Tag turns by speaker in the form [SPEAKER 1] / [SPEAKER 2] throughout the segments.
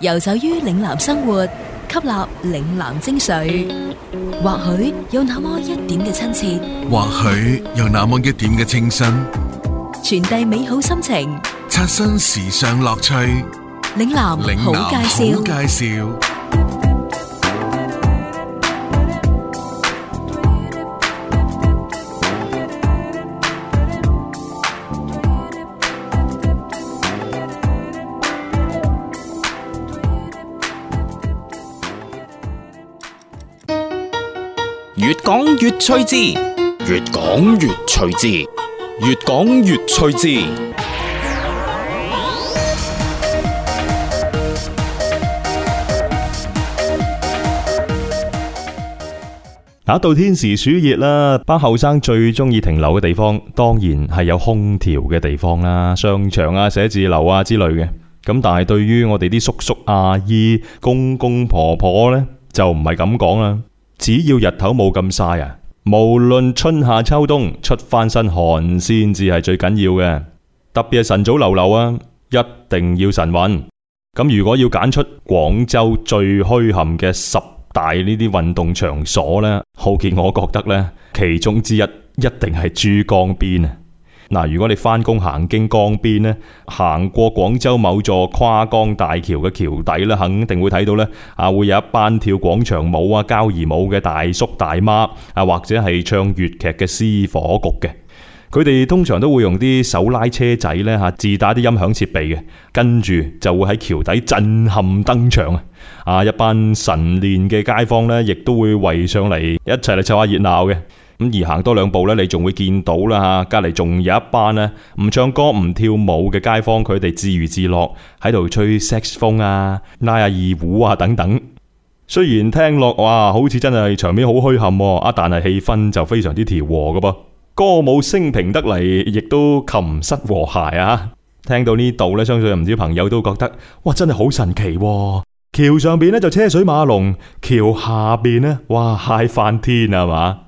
[SPEAKER 1] 遊走於嶺南生活，吸納嶺南精髓，或許有那麼一點嘅親切，
[SPEAKER 2] 或許有那麼一點嘅清新，
[SPEAKER 1] 傳遞美好心情，
[SPEAKER 2] 刷新時尚樂趣。
[SPEAKER 1] 嶺南好介紹，嶺南好介
[SPEAKER 2] 紹。
[SPEAKER 3] 越趣字，越講越趣字，越講越趣字。
[SPEAKER 4] 嗱、啊，到天時暑熱啦，班後生最中意停留嘅地方，當然係有空調嘅地方啦，商場啊、寫字樓啊之類嘅。咁但係對於我哋啲叔叔阿姨、公公婆婆呢，就唔係咁講啦。只要日頭冇咁曬啊，無論春夏秋冬，出翻身汗先至係最緊要嘅。特別係晨早流流啊，一定要晨運。咁如果要揀出廣州最墟冚嘅十大呢啲運動場所呢，浩傑我覺得呢其中之一一定係珠江邊啊。嗱，如果你翻工行經江邊咧，行過廣州某座跨江大橋嘅橋底咧，肯定會睇到咧，啊，會有一班跳廣場舞啊、交誼舞嘅大叔大媽，啊，或者係唱粵劇嘅私伙局嘅，佢哋通常都會用啲手拉車仔咧，嚇，自帶啲音響設備嘅，跟住就會喺橋底震撼登場啊！啊，一班晨練嘅街坊咧，亦都會圍上嚟一齊嚟湊下熱鬧嘅。咁而行多兩步咧，你仲會見到啦吓，隔籬仲有一班咧唔唱歌唔跳舞嘅街坊，佢哋自娛自樂喺度吹色士風啊、拉下二胡啊等等。雖然聽落哇，好似真係場面好墟冚，啊，但係氣氛就非常之調和嘅噃，歌舞升平得嚟，亦都琴瑟和諧啊！聽到呢度咧，相信唔少朋友都覺得哇，真係好神奇！橋上邊咧就車水馬龍，橋下邊咧哇嗨翻天啊嘛～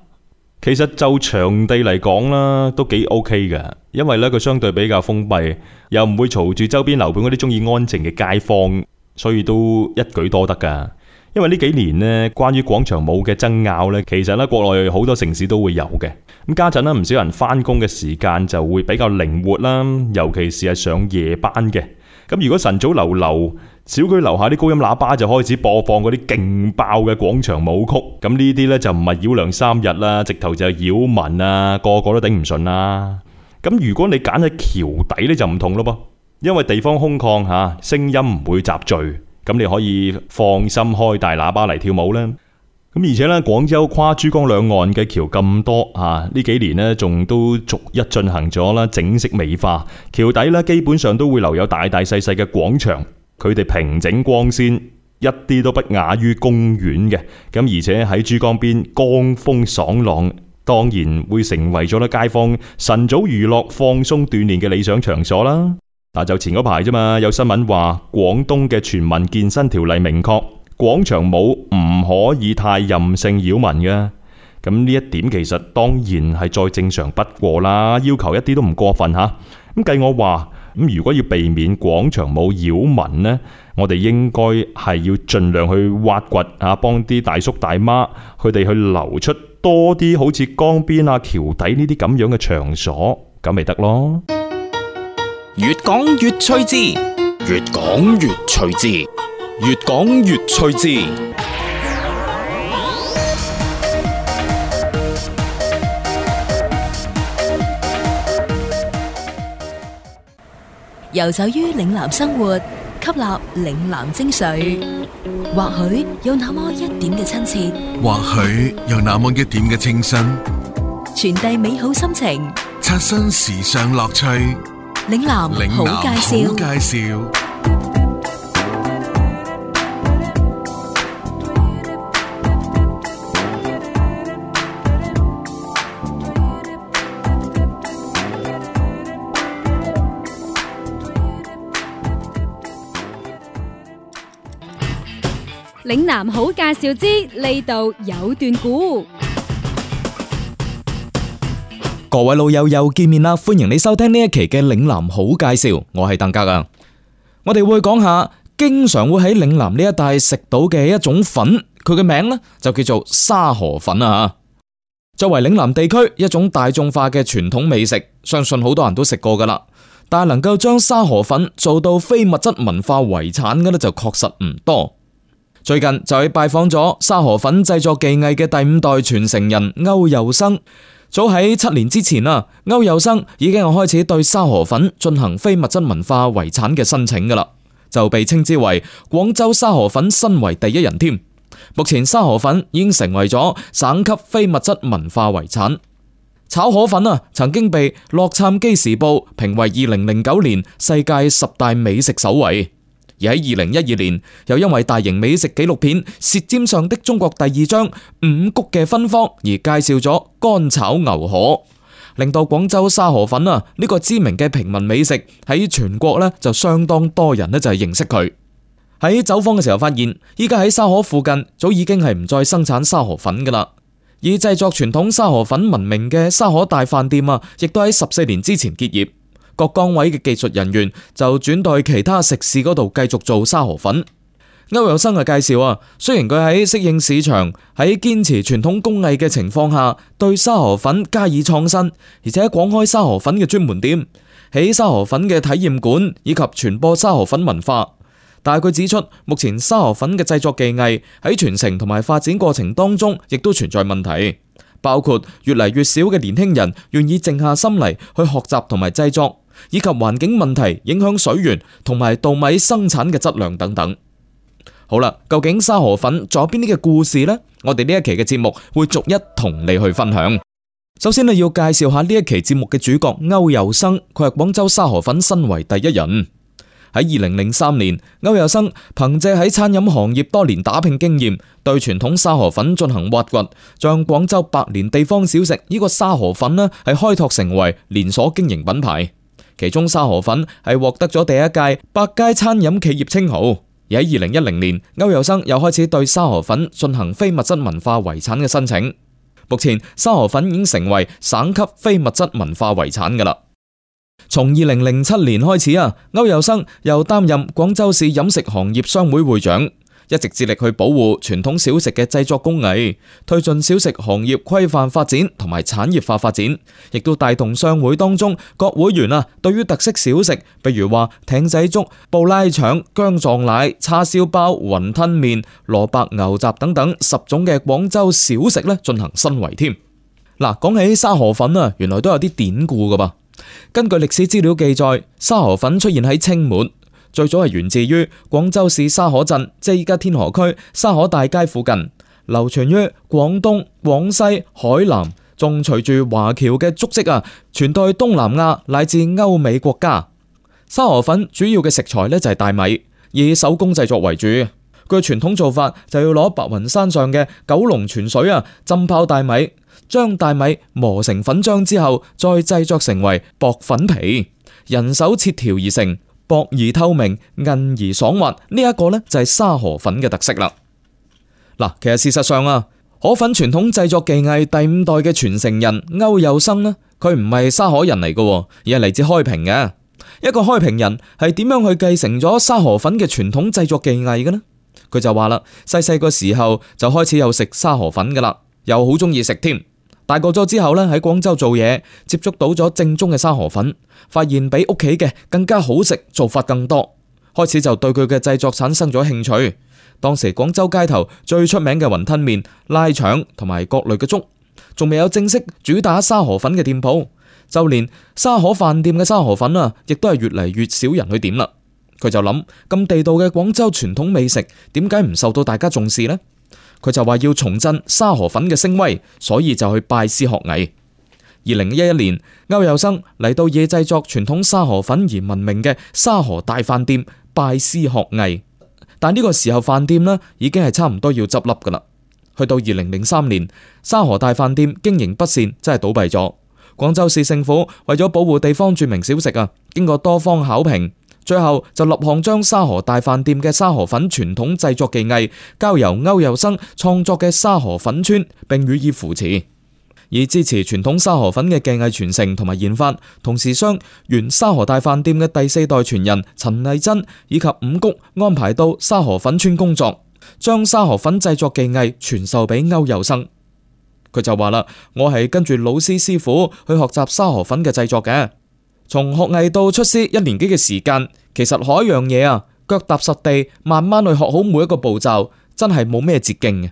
[SPEAKER 4] 其實就場地嚟講啦，都幾 OK 噶，因為呢，佢相對比較封閉，又唔會嘈住周邊樓盤嗰啲中意安靜嘅街坊，所以都一舉多得噶。因為呢幾年呢，關於廣場舞嘅爭拗呢，其實呢，國內好多城市都會有嘅。咁家陣呢唔少人翻工嘅時間就會比較靈活啦，尤其是係上夜班嘅。咁如果晨早流流，小區樓下啲高音喇叭就開始播放嗰啲勁爆嘅廣場舞曲，咁呢啲呢，就唔係繞樑三日啦，直頭就係擾民啊，個個都頂唔順啦。咁如果你揀喺橋底呢，就唔同咯噃，因為地方空曠吓，聲音唔會集聚，咁你可以放心開大喇叭嚟跳舞啦。咁而且呢，廣州跨珠江兩岸嘅橋咁多啊，呢幾年呢，仲都逐一進行咗啦整飾美化，橋底呢，基本上都會留有大大細細嘅廣場，佢哋平整光鮮，一啲都不亞於公園嘅。咁而且喺珠江邊，江風爽朗，當然會成為咗咧街坊晨早娛樂、放鬆鍛煉嘅理想場所啦。嗱、啊，就前嗰排啫嘛，有新聞話廣東嘅全民健身條例明確。廣場舞唔可以太任性擾民嘅。咁呢一點其實當然係再正常不過啦，要求一啲都唔過分吓。咁計我話，咁如果要避免廣場舞擾民呢，我哋應該係要盡量去挖掘啊，幫啲大叔大媽佢哋去留出多啲好似江邊啊、橋底呢啲咁樣嘅場所，咁咪得咯。
[SPEAKER 3] 越講越趣致，越
[SPEAKER 4] 講越趣
[SPEAKER 3] 致。越講越趣致，
[SPEAKER 1] 遊走於嶺南生活，吸納嶺南精髓，或許有那麼一點嘅親切，
[SPEAKER 2] 或許有那麼一點嘅清新，
[SPEAKER 1] 傳遞美好心情，
[SPEAKER 2] 刷新時尚樂趣。
[SPEAKER 1] 嶺南好介紹。嶺南好介紹之呢度有段古，
[SPEAKER 3] 各位老友又見面啦！歡迎你收聽呢一期嘅嶺南好介紹，我係鄧家，啊。我哋會講下經常會喺嶺南呢一帶食到嘅一種粉，佢嘅名呢就叫做沙河粉啊。作為嶺南地區一種大眾化嘅傳統美食，相信好多人都食過噶啦。但係能夠將沙河粉做到非物質文化遺產嘅呢，就確實唔多。最近就去拜訪咗沙河粉製作技藝嘅第五代傳承人歐友生。早喺七年之前啊，歐友生已經開始對沙河粉進行非物質文化遺產嘅申請噶啦，就被稱之為廣州沙河粉身為第一人添。目前沙河粉已經成為咗省級非物質文化遺產。炒河粉啊，曾經被《洛杉磯時報》評為二零零九年世界十大美食首位。而喺二零一二年，又因為大型美食紀錄片《舌尖上的中國》第二章《五穀嘅芬芳》而介紹咗乾炒牛河，令到廣州沙河粉啊呢個知名嘅平民美食喺全國呢就相當多人呢就係認識佢。喺走訪嘅時候發現，依家喺沙河附近早已經係唔再生產沙河粉噶啦，以製作傳統沙河粉聞名嘅沙河大飯店啊，亦都喺十四年之前結業。各崗位嘅技術人員就轉去其他食肆嗰度繼續做沙河粉。歐有生嘅介紹啊，雖然佢喺適應市場、喺堅持傳統工藝嘅情況下，對沙河粉加以創新，而且廣開沙河粉嘅專門店，喺沙河粉嘅體驗館以及傳播沙河粉文化，但係佢指出，目前沙河粉嘅製作技藝喺傳承同埋發展過程當中，亦都存在問題，包括越嚟越少嘅年輕人願意靜下心嚟去學習同埋製作。以及環境問題影響水源同埋稻米生產嘅質量等等。好啦，究竟沙河粉仲有邊啲嘅故事呢？我哋呢一期嘅節目會逐一同你去分享。首先咧，要介紹下呢一期節目嘅主角歐友生，佢係廣州沙河粉身為第一人。喺二零零三年，歐友生憑借喺餐飲行業多年打拼經驗，對傳統沙河粉進行挖掘，將廣州百年地方小食呢個沙河粉呢係開拓成為連鎖經營品牌。其中沙河粉係獲得咗第一屆百佳餐飲企業稱號，而喺二零一零年，歐友生又開始對沙河粉進行非物質文化遺產嘅申請。目前沙河粉已經成為省級非物質文化遺產噶啦。從二零零七年開始啊，歐友生又擔任廣州市飲食行業商會會長，一直致力去保護傳統小食嘅製作工藝，推進小食行業規範發展同埋產業化發展，亦都帶動商會當中各會員啊，對於特色小食，譬如話艇仔粥、布拉腸、薑撞奶、叉燒包、雲吞麵、蘿蔔牛雜等等十種嘅廣州小食咧，進行申遺添。嗱，講起沙河粉啊，原來都有啲典故噶噃。根據歷史資料記載，沙河粉出現喺清末。最早係源自於廣州市沙河鎮，即係依家天河區沙河大街附近，流傳於廣東、廣西、海南，仲隨住華僑嘅足跡啊，傳到去東南亞乃至歐美國家。沙河粉主要嘅食材咧就係大米，以手工製作為主。據傳統做法就要攞白雲山上嘅九龍泉水啊，浸泡大米，將大米磨成粉漿之後，再製作成為薄粉皮，人手切條而成。薄而透明，韌而爽滑，呢、這、一個呢就係沙河粉嘅特色啦。嗱，其實事實上啊，河粉傳統製作技藝第五代嘅傳承人歐友生呢，佢唔係沙河人嚟嘅，而係嚟自開平嘅一個開平人，係點樣去繼承咗沙河粉嘅傳統製作技藝嘅呢？佢就話啦，細細個時候就開始有食沙河粉噶啦，又好中意食添。大個咗之後呢，喺廣州做嘢，接觸到咗正宗嘅沙河粉，發現比屋企嘅更加好食，做法更多，開始就對佢嘅製作產生咗興趣。當時廣州街頭最出名嘅雲吞麵、拉腸同埋各類嘅粥，仲未有正式主打沙河粉嘅店鋪，就連沙河飯店嘅沙河粉啊，亦都係越嚟越少人去點啦。佢就諗，咁地道嘅廣州傳統美食，點解唔受到大家重視呢？佢就話要重振沙河粉嘅聲威，所以就去拜師學藝。二零一一年，歐友生嚟到嘢製作傳統沙河粉而聞名嘅沙河大飯店拜師學藝，但呢個時候飯店呢已經係差唔多要執笠噶啦。去到二零零三年，沙河大飯店經營不善，真係倒閉咗。廣州市政府為咗保護地方著名小食啊，經過多方考評。最後就立項將沙河大飯店嘅沙河粉傳統製作技藝交由歐友生創作嘅沙河粉村，並予以扶持，以支持傳統沙河粉嘅技藝傳承同埋研發。同時，將原沙河大飯店嘅第四代傳人陳麗珍以及五谷安排到沙河粉村工作，將沙河粉製作技藝傳授俾歐友生。佢就話啦：我係跟住老師師傅去學習沙河粉嘅製作嘅。從學藝到出師，一年幾嘅時間其實海樣嘢啊，腳踏實地，慢慢去學好每一個步驟，真係冇咩捷徑嘅。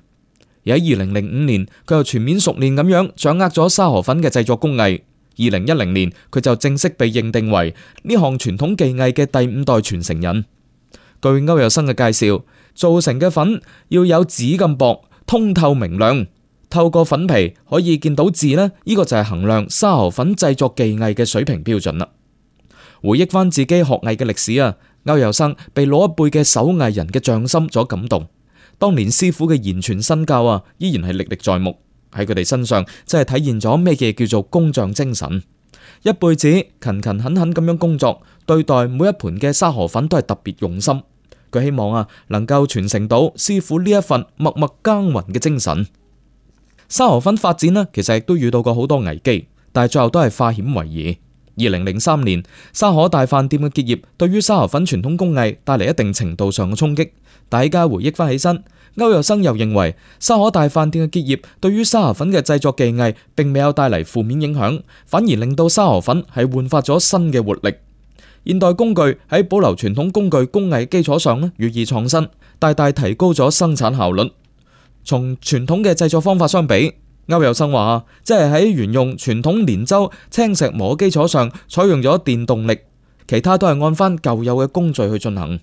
[SPEAKER 3] 而喺二零零五年，佢又全面熟練咁樣掌握咗沙河粉嘅製作工藝。二零一零年，佢就正式被認定為呢項傳統技藝嘅第五代傳承人。據歐有生嘅介紹，做成嘅粉要有紙咁薄，通透明亮。透過粉皮可以見到字呢，呢、呢個就係衡量沙河粉製作技藝嘅水平標準啦。回憶翻自己學藝嘅歷史啊，歐游生被老一輩嘅手藝人嘅匠心所感動。當年師傅嘅言傳身教啊，依然係歷歷在目。喺佢哋身上真係體現咗咩嘢叫做工匠精神。一輩子勤勤懇懇咁樣工作，對待每一盤嘅沙河粉都係特別用心。佢希望啊，能夠傳承到師傅呢一份默默耕耘嘅精神。沙河粉發展呢，其實亦都遇到過好多危機，但係最後都係化險為夷。二零零三年，沙河大飯店嘅結業，對於沙河粉傳統工藝帶嚟一定程度上嘅衝擊。大家回憶翻起身，歐若生又認為，沙河大飯店嘅結業對於沙河粉嘅製作技藝並未有帶嚟負面影響，反而令到沙河粉係煥發咗新嘅活力。現代工具喺保留傳統工具工藝基礎上呢，予以創新，大大提高咗生產效率。從傳統嘅製作方法相比，歐有生話，即係喺沿用傳統連州青石磨基礎上，採用咗電動力，其他都係按翻舊有嘅工序去進行。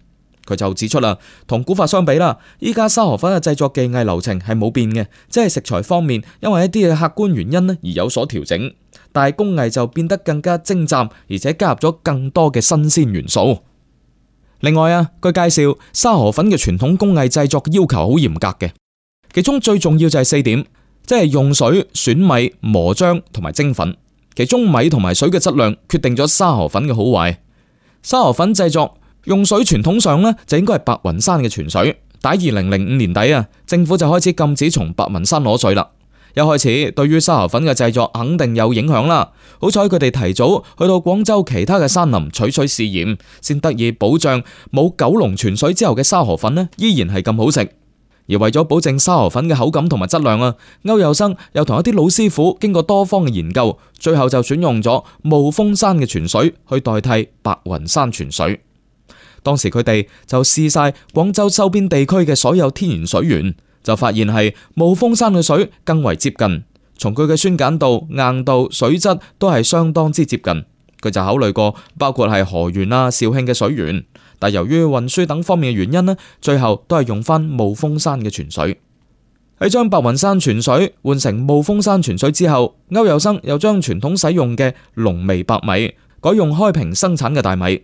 [SPEAKER 3] 佢就指出啦，同古法相比啦，依家沙河粉嘅製作技藝流程係冇變嘅，即係食材方面，因為一啲嘅客觀原因咧而有所調整，但係工藝就變得更加精湛，而且加入咗更多嘅新鮮元素。另外啊，據介紹，沙河粉嘅傳統工藝製作要求好嚴格嘅。其中最重要就係四點，即係用水、選米、磨漿同埋蒸粉。其中米同埋水嘅質量決定咗沙河粉嘅好壞。沙河粉製作用水傳統上呢，就應該係白雲山嘅泉水。但二零零五年底啊，政府就開始禁止從白雲山攞水啦。一開始對於沙河粉嘅製作肯定有影響啦。好彩佢哋提早去到廣州其他嘅山林取取試驗，先得以保障冇九龍泉水之後嘅沙河粉呢依然係咁好食。而為咗保證沙河粉嘅口感同埋質量啊，歐友生又同一啲老師傅經過多方嘅研究，最後就選用咗霧峰山嘅泉水去代替白雲山泉水。當時佢哋就試晒廣州周邊地區嘅所有天然水源，就發現係霧峰山嘅水更為接近，從佢嘅酸鹼度、硬度、水質都係相當之接近。佢就考慮過包括係河源啦、肇慶嘅水源。但由於運輸等方面嘅原因呢，最後都係用翻霧峰山嘅泉水。喺將白雲山泉水換成霧峰山泉水之後，歐友生又將傳統使用嘅龍眉白米改用開平生產嘅大米。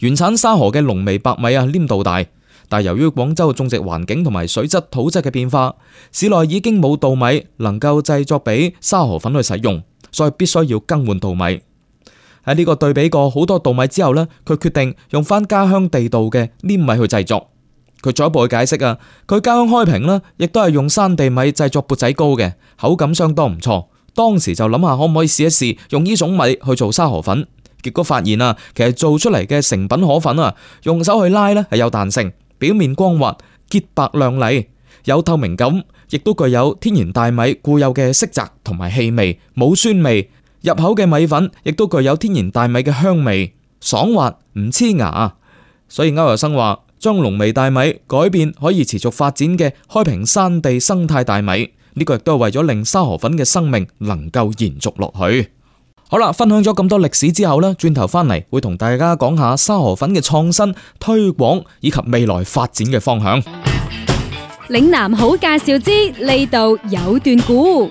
[SPEAKER 3] 原產沙河嘅龍眉白米啊，黏度大，但由於廣州種植環境同埋水質土質嘅變化，市內已經冇稻米能夠製作俾沙河粉去使用，所以必須要更換稻米。喺呢個對比過好多稻米之後呢，佢決定用翻家鄉地道嘅黏米去製作。佢進一步去解釋啊，佢家鄉開平呢，亦都係用山地米製作砵仔糕嘅，口感相當唔錯。當時就諗下可唔可以試一試用呢種米去做沙河粉，結果發現啊，其實做出嚟嘅成品河粉啊，用手去拉呢，係有彈性，表面光滑潔白亮麗，有透明感，亦都具有天然大米固有嘅色澤同埋氣味，冇酸味。入口嘅米粉亦都具有天然大米嘅香味，爽滑唔黐牙，所以歐學生話將濃味大米改變可以持續發展嘅開平山地生態大米，呢個亦都係為咗令沙河粉嘅生命能夠延續落去。好啦，分享咗咁多歷史之後呢，轉頭翻嚟會同大家講下沙河粉嘅創新推廣以及未來發展嘅方向。
[SPEAKER 1] 嶺南好介紹之呢度有段古。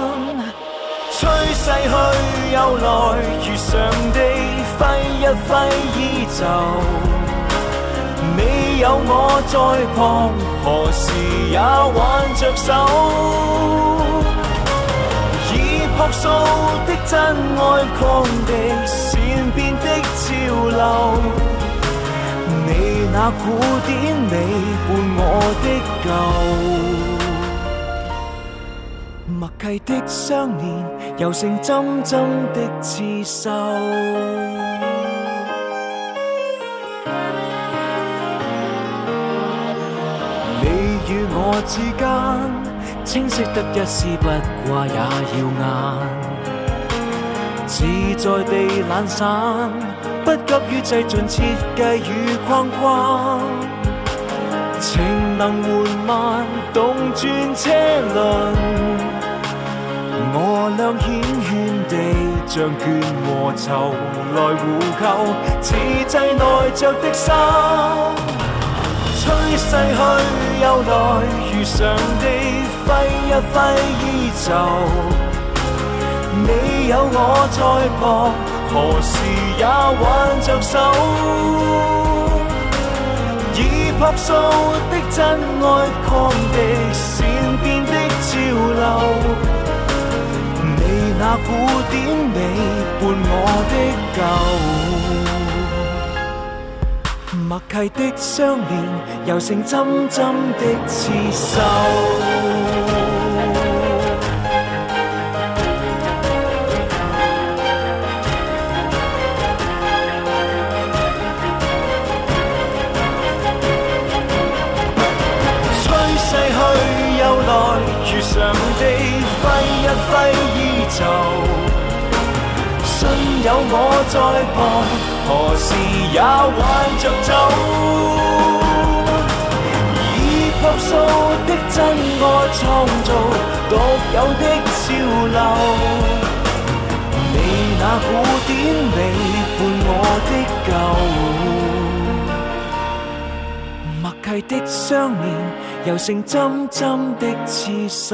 [SPEAKER 5] 吹逝去又來，如常地揮一揮衣袖。你有我在旁，何時也挽着手。以樸素的真愛抗敵，善變的潮流。你那古典你伴我的舊。的相連，柔成針針的刺繡。你與我之間，清晰得一絲不掛也耀眼。自在地懶散，不急於製盡設計與框框。情能緩慢動轉車輪。亮顯顯地，像茜茜將倦和愁來互救，此際內着的心，吹逝去又來，如上帝揮一揮衣袖，你有我在旁，何時也挽着手，以樸素的真愛抗拒，善變的潮流。那古典美伴我的舊 默契的相連，柔成針針的刺繡。 吹逝去又來，如常地揮一揮。信有我在旁，何事也挽着走？以樸素的真愛創造獨有的潮流，你那古典你伴我的舊，默契的雙眼，猶勝針針的刺繡。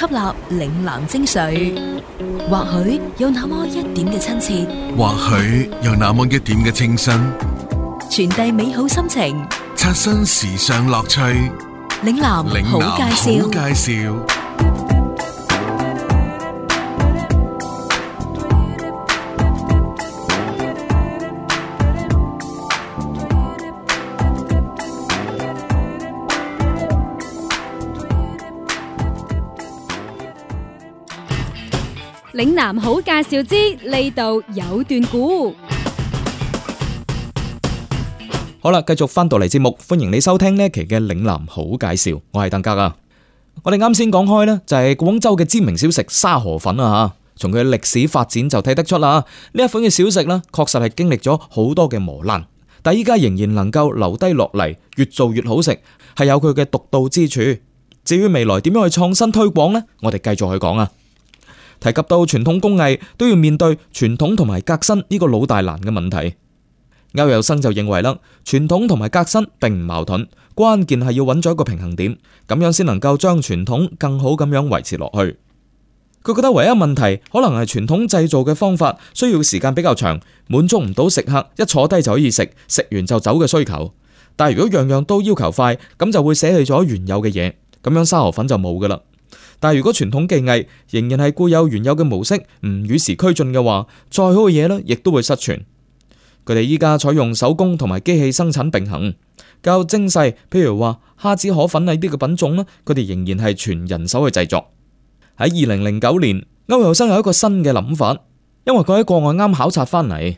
[SPEAKER 1] 吸納嶺南精髓，或許有那麼一點嘅親切，
[SPEAKER 2] 或許有那麼一點嘅清新，
[SPEAKER 1] 傳遞美好心情，
[SPEAKER 2] 刷新時尚樂趣。
[SPEAKER 1] 嶺南好介紹，好介紹。嶺南好介紹之呢度有段古，
[SPEAKER 3] 好啦，繼續翻到嚟節目，歡迎你收聽呢期嘅嶺南好介紹，我係鄧格啊。我哋啱先講開呢，就係廣州嘅知名小食沙河粉啦吓，從佢嘅歷史發展就睇得出啦。呢一款嘅小食呢，確實係經歷咗好多嘅磨難，但係依家仍然能夠留低落嚟，越做越好食，係有佢嘅獨到之處。至於未來點樣去創新推廣呢，我哋繼續去講啊。提及到傳統工藝都要面對傳統同埋革新呢個老大難嘅問題，歐友生就認為啦，傳統同埋革新並唔矛盾，關鍵係要揾咗一個平衡點，咁樣先能夠將傳統更好咁樣維持落去。佢覺得唯一問題可能係傳統製造嘅方法需要時間比較長，滿足唔到食客一坐低就可以食，食完就走嘅需求。但係如果樣樣都要求快，咁就會捨棄咗原有嘅嘢，咁樣沙河粉就冇㗎喇。但係，如果傳統技藝仍然係固有、原有嘅模式，唔與時俱進嘅話，再好嘅嘢，呢亦都會失傳。佢哋依家採用手工同埋機器生產並行，較精細，譬如話蝦子河粉呢啲嘅品種呢，佢哋仍然係全人手去製作。喺二零零九年，歐陽生有一個新嘅諗法，因為佢喺國外啱考察翻嚟，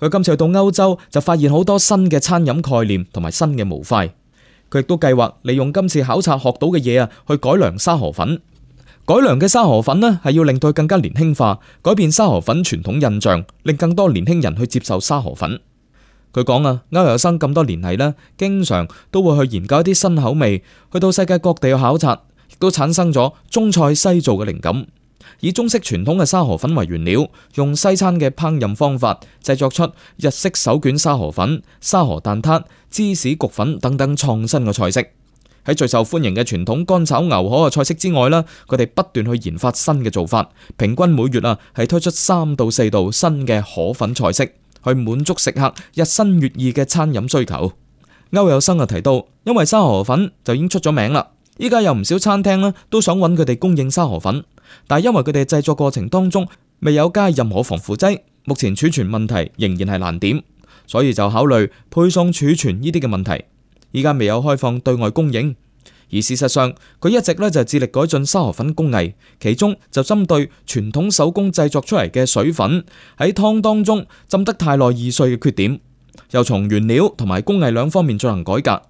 [SPEAKER 3] 佢今次去到歐洲就發現好多新嘅餐飲概念同埋新嘅模塊。佢亦都計劃利用今次考察學到嘅嘢啊，去改良沙河粉。改良嘅沙河粉呢，係要令佢更加年輕化，改變沙河粉傳統印象，令更多年輕人去接受沙河粉。佢講啊，歐陽生咁多年嚟呢，經常都會去研究一啲新口味，去到世界各地去考察，亦都產生咗中菜西做嘅靈感，以中式傳統嘅沙河粉為原料，用西餐嘅烹飪方法製作出日式手卷沙河粉、沙河蛋撻、芝士焗粉等等創新嘅菜式。喺最受歡迎嘅傳統乾炒牛河嘅菜式之外呢，佢哋不斷去研發新嘅做法，平均每月啊係推出三到四道新嘅河粉菜式，去滿足食客日新月異嘅餐飲需求。歐有生啊提到，因為沙河粉就已經出咗名啦，依家有唔少餐廳呢都想揾佢哋供應沙河粉，但係因為佢哋製作過程當中未有加任何防腐劑，目前儲存問題仍然係難點，所以就考慮配送、儲存呢啲嘅問題。依家未有開放對外供應，而事實上佢一直呢就致力改進沙河粉工藝，其中就針對傳統手工製作出嚟嘅水粉喺湯當中浸得太耐易碎嘅缺點，又從原料同埋工藝兩方面進行改革，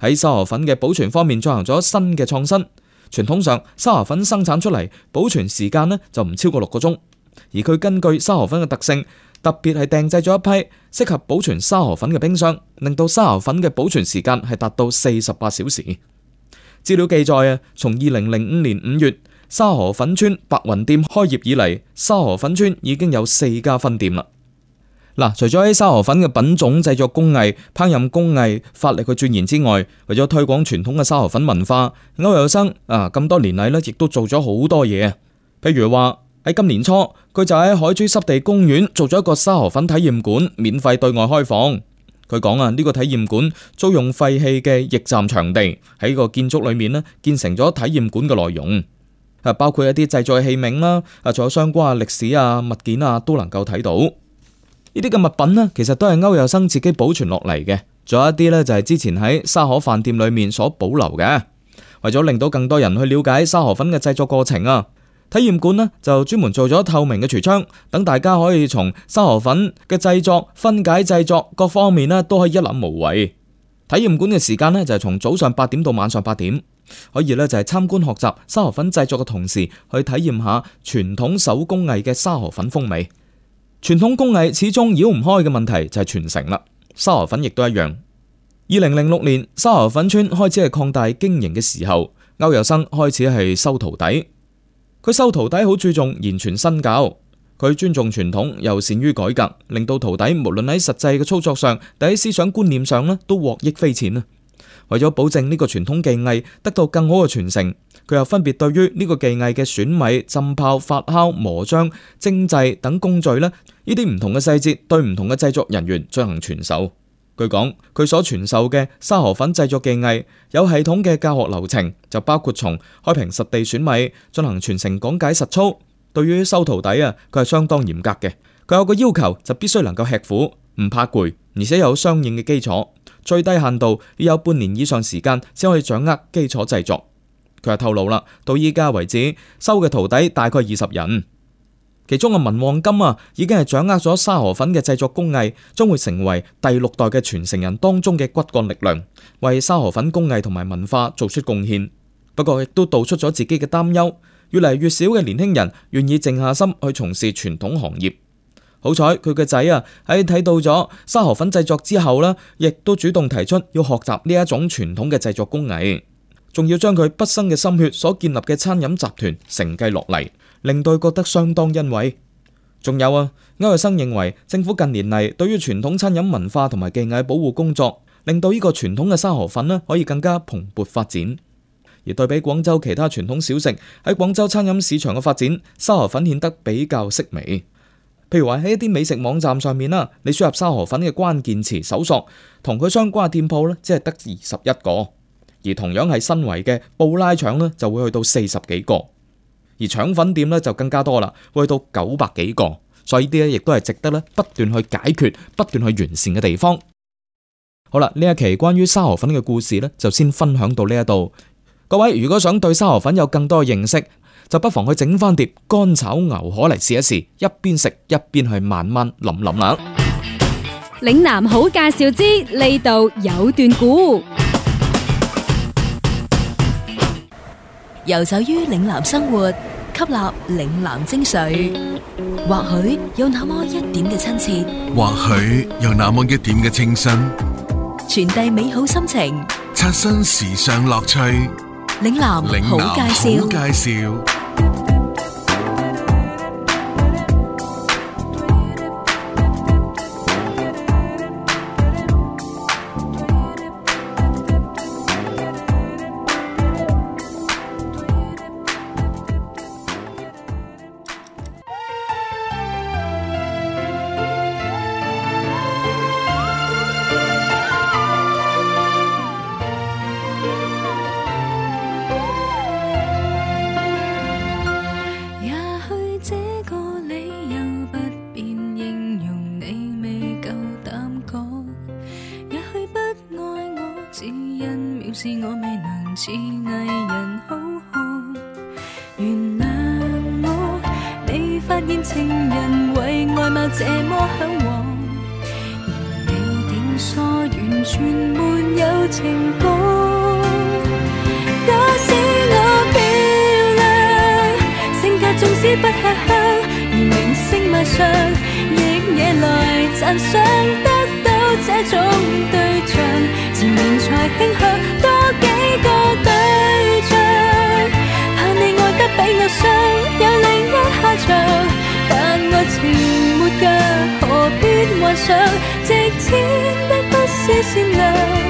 [SPEAKER 3] 喺沙河粉嘅保存方面進行咗新嘅創新。傳統上沙河粉生產出嚟保存時間呢就唔超過六個鐘，而佢根據沙河粉嘅特性，特別係訂製咗一批適合保存沙河粉嘅冰箱，令到沙河粉嘅保存時間係達到四十八小時。資料記載啊，從二零零五年五月沙河粉村白雲店開業以嚟，沙河粉村已經有四家分店啦。嗱、啊，除咗喺沙河粉嘅品種、製作工藝、烹飪工藝發力去鑽研之外，為咗推廣傳統嘅沙河粉文化，歐友生啊咁多年嚟呢，亦都做咗好多嘢，譬如話喺今年初。佢就喺海珠濕地公園做咗一個沙河粉體驗館，免費對外開放。佢講啊，呢個體驗館租用廢棄嘅驛站場地，喺個建築裏面呢，建成咗體驗館嘅內容，啊包括一啲製作器皿啦，啊仲有相關啊歷史啊物件啊都能夠睇到。呢啲嘅物品呢，其實都係歐友生自己保存落嚟嘅，仲有一啲呢，就係之前喺沙河飯店裏面所保留嘅。為咗令到更多人去了解沙河粉嘅製作過程啊！體驗館呢，就專門做咗透明嘅櫥窗，等大家可以從沙河粉嘅製作分解、製作各方面呢都可以一覽無遺。體驗館嘅時間呢，就係、是、從早上八點到晚上八點，可以呢，就係、是、參觀學習沙河粉製作嘅同時，去體驗下傳統手工藝嘅沙河粉風味。傳統工藝始終繞唔開嘅問題就係傳承啦。沙河粉亦都一樣。二零零六年沙河粉村開始係擴大經營嘅時候，歐有生開始係收徒弟。佢收徒弟好注重言傳身教，佢尊重傳統又善於改革，令到徒弟無論喺實際嘅操作上，定喺思想觀念上咧，都獲益匪淺啊！為咗保證呢個傳統技藝得到更好嘅傳承，佢又分別對於呢個技藝嘅選米、浸泡、發酵、磨漿、蒸製等工序咧，呢啲唔同嘅細節，對唔同嘅製作人員進行傳授。佢講，佢所傳授嘅沙河粉製作技藝有系統嘅教學流程，就包括從開平實地選米，進行全程講解實操。對於收徒弟啊，佢係相當嚴格嘅。佢有個要求，就必須能夠吃苦，唔怕攰，而且有相應嘅基礎。最低限度要有半年以上時間，先可以掌握基礎製作。佢又透露啦，到依家為止，收嘅徒弟大概二十人。其中嘅文旺金啊，已經係掌握咗沙河粉嘅製作工藝，將會成為第六代嘅傳承人當中嘅骨幹力量，為沙河粉工藝同埋文化做出貢獻。不過，亦都道出咗自己嘅擔憂：越嚟越少嘅年輕人願意靜下心去從事傳統行業。好彩，佢嘅仔啊喺睇到咗沙河粉製作之後啦，亦都主動提出要學習呢一種傳統嘅製作工藝，仲要將佢畢生嘅心血所建立嘅餐飲集團承繼落嚟。令對覺得相當欣慰。仲有啊，歐日生認為政府近年嚟對於傳統餐飲文化同埋技藝保護工作，令到呢個傳統嘅沙河粉呢可以更加蓬勃發展。而對比廣州其他傳統小食喺廣州餐飲市場嘅發展，沙河粉顯得比較式微。譬如話喺一啲美食網站上面啦，你輸入沙河粉嘅關鍵詞搜索，同佢相關嘅店鋪呢，只係得二十一個，而同樣係新圍嘅布拉腸呢，就會去到四十幾個。而腸粉店呢，就更加多啦，去到九百幾個，所以啲咧亦都係值得咧不斷去解決、不斷去完善嘅地方。好啦，呢一期關於沙河粉嘅故事呢，就先分享到呢一度。各位如果想對沙河粉有更多嘅認識，就不妨去整翻碟乾炒牛河嚟試一試，一邊食一邊去慢慢諗諗啦。
[SPEAKER 1] 嶺南好介紹之，呢度有段故。游走於嶺南生活，吸納嶺南精髓，或許有那麼一點嘅親切，
[SPEAKER 2] 或許有那麼一點嘅清新，
[SPEAKER 1] 傳遞美好心情，
[SPEAKER 2] 刷新時尚樂趣。
[SPEAKER 1] 嶺南好介紹，嶺南好介
[SPEAKER 2] 紹。
[SPEAKER 6] 值錢的不是善良。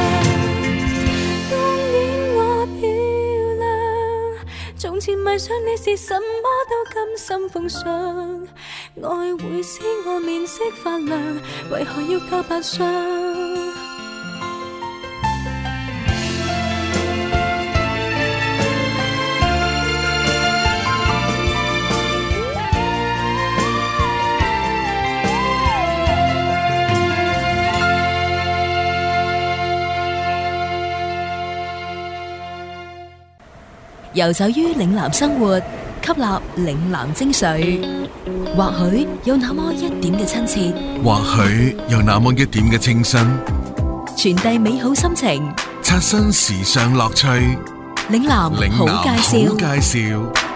[SPEAKER 6] 從前迷上你是什麼都甘心奉上，愛會使我面色發亮，為何要教白相？
[SPEAKER 1] 遊走於嶺南生活，吸納嶺南精髓，或許有那麼一點嘅親切，
[SPEAKER 2] 或許有那麼一點嘅清新，
[SPEAKER 1] 傳遞美好心情，刷新
[SPEAKER 2] 時尚樂趣。
[SPEAKER 1] 嶺南好介紹，嶺南好介
[SPEAKER 2] 紹。